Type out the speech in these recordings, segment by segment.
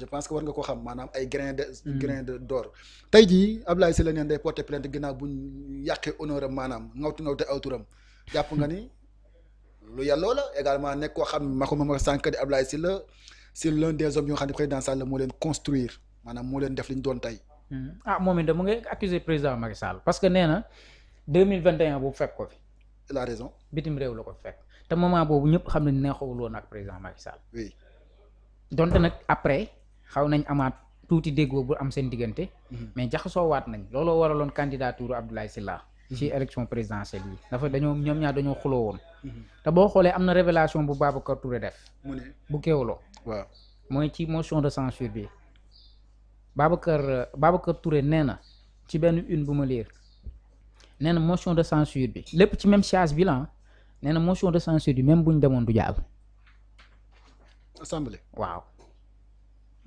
je pense que war nga ko xam maanaam ay grain de mm. grain de d'or tey jii Ablaye Sylla neen day porter plainte ginnaaw buñ yàqee honneur am maanaam ngawti ngawte aw turam jàpp nga ni lu yàlloo la également nekk koo xam ma ko ma ma sànq di Ablaye Sylla c'est l'un des hommes yoo xam ne président Sall moo leen construire maanaam moo leen def li ñu doon tey mm. ah moom it mu ngi accuser président Macky Sall parce que nee na deux mille vingt fekk ko fi la a raison bitim réew la ko fekk te moment boobu ñëpp xam ne neexawul woon ak président Macky Sall xaw nañ amaat tuuti déggoo bu am seen diggante. Mhm. mais jaxasoo waat nañ looloo waraloon candidature Abdoulaye Sylla mhm. ci élection présidentielle yi dafa dañoo ñoom ñaar dañoo xuloo woon. Mhm. te boo xoolee am na révélation bu Babacar toure def. mu bu Kewoulo. waaw mooy ci motion de censure bi Babacar Babacar Touré nee na ci benn une bu ma liir nee na motion de censure bi lépp ci même charge bi la ah. nee na motion de censure bi même bu demoon du jaal waaw.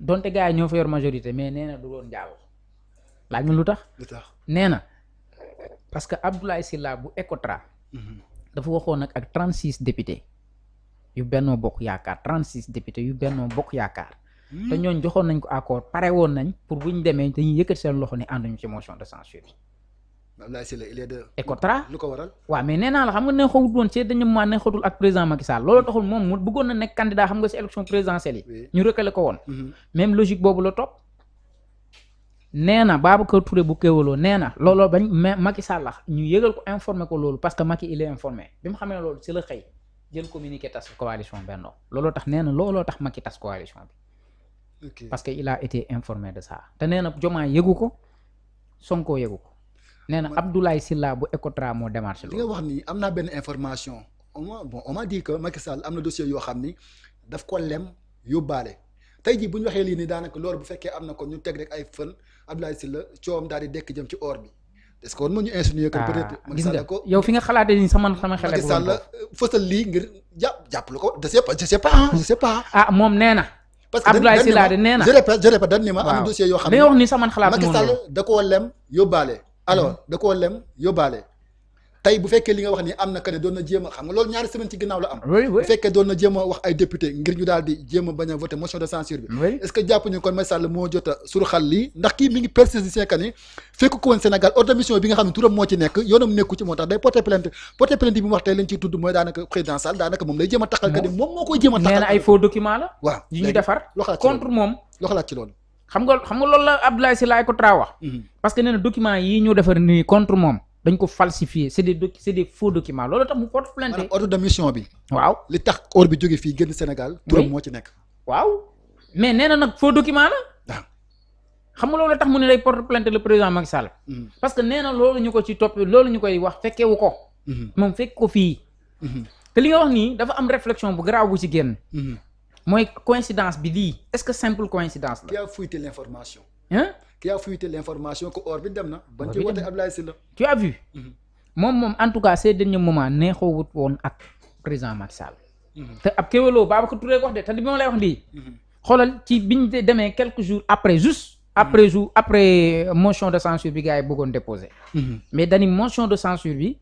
donte gars yi ñoo fa yor majorité mais nee na du doon njaago laaj ma lu tax. lu tax nee na parce que Abdoulaye Sylla bu Ecotra. Mhm. dafa waxoon nag ak 36 députés yu Benno Bokk Yaakaar 36 députés yu Benno Bokk Yaakaar. Hmm. te ñooñ joxoon nañ ko accord pare woon nañ pour bu ñu demee dañuy yëkkati seen loxo ni ànduñu ci motion de censure Abdoulaye Sylla il est ko waral. waaw mais nee naa la xam nga ne xawut woon ci dañu maa ne ak président Macky Sall loolu taxul moom mu bëggoon na nekk candidat xam nga si élection présidentielle yi. ñu recalé ko woon. Mhm. même logique boobu la topp. nee na looloo bañ mais Macky Sall ñu yëgal ko informé ko loolu parce que Macky il est informé bi mu xamee loolu si la xëy jël communiqué tas coalition Benno looloo tax nee na looloo tax Macky tas coalition bi. parce que il a été informé de ça te nee na Jomaay yëgu ko Sonko yëgu nee na Abdoulaye Sylla bu Ecotra moo loolu. li nga wax nii am naa benn information au moins bon on m'a am na dossier yoo xam ni daf ko lem yóbbaale tey jii bu ñu waxee lii nii daanaka loolu bu fekkee am na ko ñu teg rek ay fën Abdoulaye Sylla coowam daal di dekk jëm ci or bi. est-ce que woon ma ñu insinué ko yow fi nga xalaatee ni sama sama xel Macky Sall euh, fësal lii ngir jàpp jàppale ko je sais pas je sais ah, nee na parce que Abdoulaye Sylla de yoo xam ne da nga wax da koo lem yóbbaale alors mhm. da koo lem yóbbaale tey bu fekkee li nga wax ni am na que ne doon na jéem a xam nga loolu ñaari semaine ci ginnaaw la am. bu fekkee doon na jéem a wax ay député ngir ñu daal di jéem a bañ a voté motion de censure bi. est ce que jàpp ñu kon Macky Sall moo jot a surxal lii ndax kii mi ngi persiste que ni fekk ko woon Sénégal ordre de mission bi nga xam ne turam moo ci nekk yoonam nekku ci moo tax day porté plainte porté plainte bi mu wax tey lañ ciy tudd mooy daanaka a taxal que ni a taxal na xam nga xam nga loolu la Abdoulaye la ay ko tra wax mhm. parce que nee document yi ñu defar nii contre moom dañ ko falsifié c'est des doc c'est des faux documents loolu tax mu porte plainte ordre de mission bi waaw li nekk waaw mais nee na nag faux document la ah. xam nga loolu tax mu ne day porte plainte le président Macky mhm. parce que nee na loolu ko ci topp loolu ñu koy wax fekkewu ko mhm. moom fekk ko fii te li nga wax nii dafa am réflexion bu garaaw bu ci génn mooy coïncidence bi lii est-ce que simple coïncidence la. qui a fuité l'information. hein qui bi dem na. ban ci wootee Abdoulaye Sylla. tu as vu. Mhm. moom moom en tout cas ces derniers neexoo neexoowut woon ak président Macky Sall. Mhm. te ab kéwéloo Babacar Touré wax de te li ma lay wax lii. Mhm. xoolal ci biñ demee quelques jours après juste. après jour après motion de censure bi gars yi bëggoon déposé. mais dañu motion de censure bi.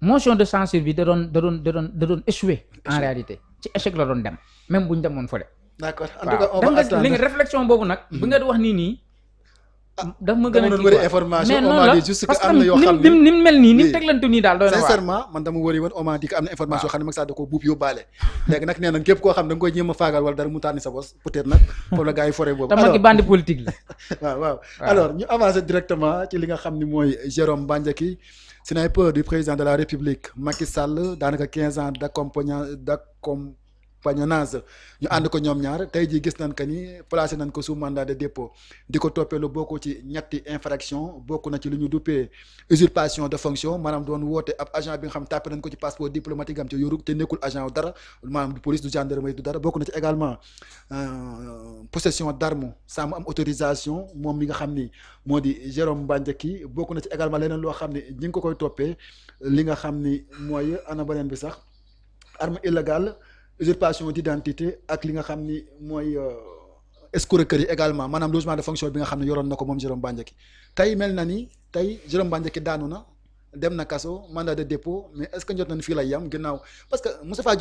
motion de censure bi da doon da doon da doon da doon en réalité. ci échec la doon dem même bu ñu demoon fële. d'accord en tout cas on boobu nag. bu nga di wax nii nii. Ah, daf ma gën a kii quoi information mais noonu la parce que ni ni mu mel nii ni mu nii daal doy na waar sincèrement man dama wëri woon on m'a am na information xam ne Macky Sall da koo buub yóbbaale léegi nag da nga a faagal wala dara mu tànni sa bos peut être nag foofu nga xam ne mooy Jérôme Bandiaky sniper du président de la République Macky Sall daanaka quinze ans d'accompagnement compagnonnage ñu ànd ko ñoom ñaar tey jii gis nañ que ni placé nañ ko sous mandat de dépôt di ko toppee lu bokk ci ñetti infraction bokk na ci lu ñu duppee usurpation de fonction maanaam doon woote ab agent bi nga xam tàppe nañ ko ci passeport diplomatique am ci yoru te nekkul agent wu dara maanaam du police du gendarmerie du dara bokk na ci également euh, possession d'arme sans am autorisation moom mi nga xam ni moo di Jérôme ki bokk na ci également leneen loo xam ne ñi ngi ko koy toppee li nga xam ni mooy ana beneen bi sax arme illégale usurpation d'identité ak li nga xam ni mooy euh, escroquerie également maanaam logement de fonction bi nga xam ne yoroon na ko moom Jérôme Bandiaky tey mel na ni tey Jérôme Bandiaky daanu na dem na kaso mandat de dépôt mais est-ce que jot nañ fii lay yam ginnaaw parce que Moustapha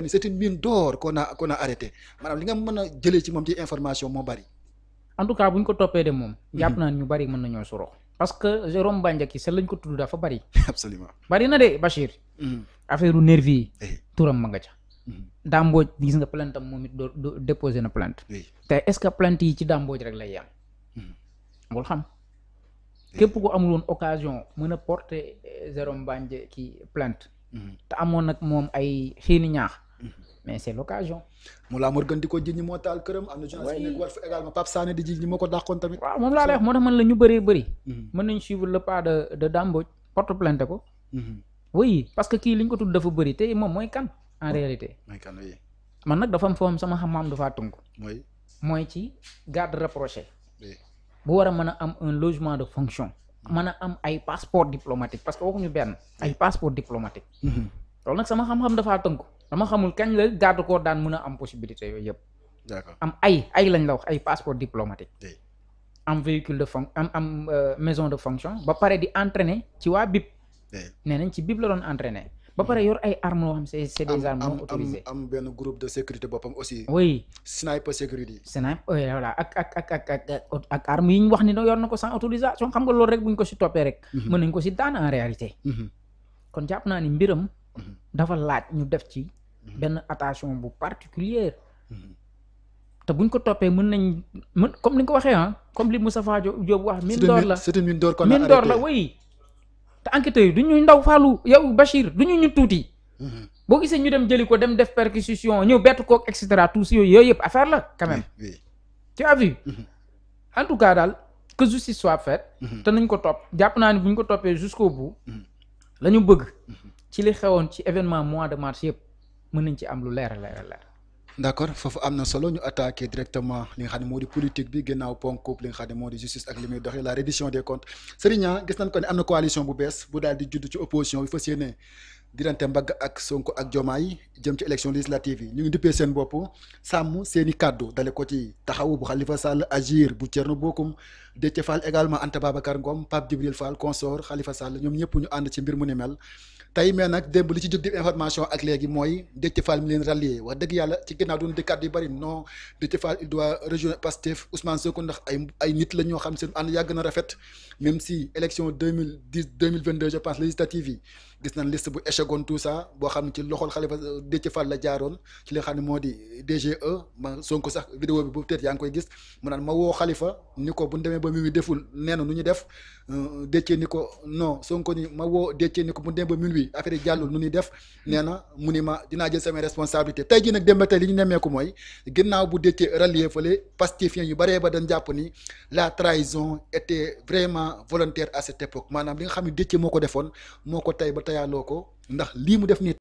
ni c'est une mine d'or qu'on a qu'on a arrêté maanaam li nga mën a jëlee ci moom ci information moo bari. en bu ñu ko toppee de moom. Mhm. jàpp naa ñu bari mën nañoo suro parce que Jérôme Bandiaky seen lañ ko tudd mhm. eh. nga ca. dàmbooj gis nga plainte am moom it doo doo déposé na plainte te est-ce que plainte yi ci dàmbooj rek lay yem ngul hmm. xam képp ku amul woon occasion mën a porter Jérôme eh, Bandier ki plainte hmm. te amoon nag moom ay xiini ñaax hmm. mais c'est l'occasion mu laa Morgan ji ñi moo taal këram am na journaliste nekk Walf également Pape Sané di ji ñi moo ko dàqoon tamit waaw moom laa lay moo tax man la ñu bëree bëri mën nañ suivre le pas de de Dame Mbodj porte plainte ko oui parce que kii li ñu ko tudd dafa bëri te moom mooy kan en réalité. man nag dafa am foo sama xam-xam dafaa tënku. mooy mooy ci garde rapproché. bu war a mën a am un logement de fonction. mën a am ay passeport diplomatique parce que waxuñu benn ay passeport diplomatique. Mhm. loolu nag sama xam-xam dafaa tënku dama xamul kañ la garde corps daan mën a am possibilité yooyu yëpp. d'accord am ay ay lañ la wax ay passeport diplomatique. am véhicule de fon am am euh, maison de fonction ba pare di entraîner ci waa BIP. nee nañ ci BIP la doon entraîner. ba pare yor ay armo yoo xam c'est c'est des armes am am benn groupe de sécurité boppam aussi. oui sniper sécurité. sniper voilà ak ak ak ak ak ak armes yi ñu wax ni yor na ko sans autorisation xam nga loolu rek bu ñu ko si toppee rek. Mhm. mën nañ ko si daan en réalité. Mhm. kon jàpp naa ni mbiram. Mhm. dafa laaj ñu def ci. benn attention bu particulière te buñ ko toppee mën nañ mën comme ni nga ko waxee ah comme li Moustapha Diop wax. mine d'or la c'est une mine d'or qu'on a arrêté la oui. te enquêteurs yi du ñuy ndaw Fallou yow Bachir du ñu ñu tuuti. Mhm. boo gisee ñu dem jëli ko dem def perquisition ñëw bett kook et cetera tout si yooyu yëpp affaire la quand même. tu as vu. Mhm. tout cas daal que justice soit fait mhm. te nañ ko topp jàpp naa ne bu ko toppee jusqu'au bout. la bëgg. ci li xewoon ci événement mois de mars yëpp mën nañ ci am lu leer a leer d' accord foofu am na solo ñu attaqué directement li nga xam ne moo di politique bi gannaaw ponk li nga xam ne moo di justice ak li muy doxee la reddition des comptes Serigne Niang gis nañ ko ne am na coalition bu bees bu daal di judd ci opposition bi fas yéene diggante mbagg ak Sonko ak Diomaye jëm ci élection législative yi ñu ngi duppee seen bopp sàmm seen i kàddu dale ko ci taxawu bu Khalifa sàll Agir bu Thierno Bocoum Déthié Fall également Anta Babacar Ngom Pape Djibril Fall consort Khalifa ñoom ñëpp ñu ànd ci mbir mu ni mel tey mais nag démb li ci jot di information ak léegi mooy Déthié Fall mi leen rallier wax dëgg yàlla ci ginnaaw duñu di kàddu yu bari non Déthié Fall il doit rejoindre Pastef Ousmane Sonko ndax ay ay nit la ñoo xam seen ànd yàgg na rafet même si élection deux mille dix deux mille vingt deux je pense législative yi gis nañ liste bu échegoon tout ça boo xam ne ci loxol Khalifa euh, Déthié Fall la jaaroon ci li xam ne moo di DGE ma Sonko sax vidéo bi boobu peut-être yaa ngi koy gis mu naan ma woo Khalifa ni ko bu ñu demee ba Mimi deful nee na nu ñu def euh, Déthié ni ko non Sonko ni ma woo Déthié ni ko bu ñu demee ba Mimi affaire yi jàllul nu ñuy def nee na mu ni ma dinaa jël samay responsabilité tey jii nag ba tey li ñu nemmeeku mooy ginnaaw bu Déthié rallié fële pastifiens yu baree ba dañ jàpp ni la trahison était vraiment volontaire à cette époque maanaam li nga xam ne Déthié moo ko defoon taayaanoo ko ndax lii mu def nii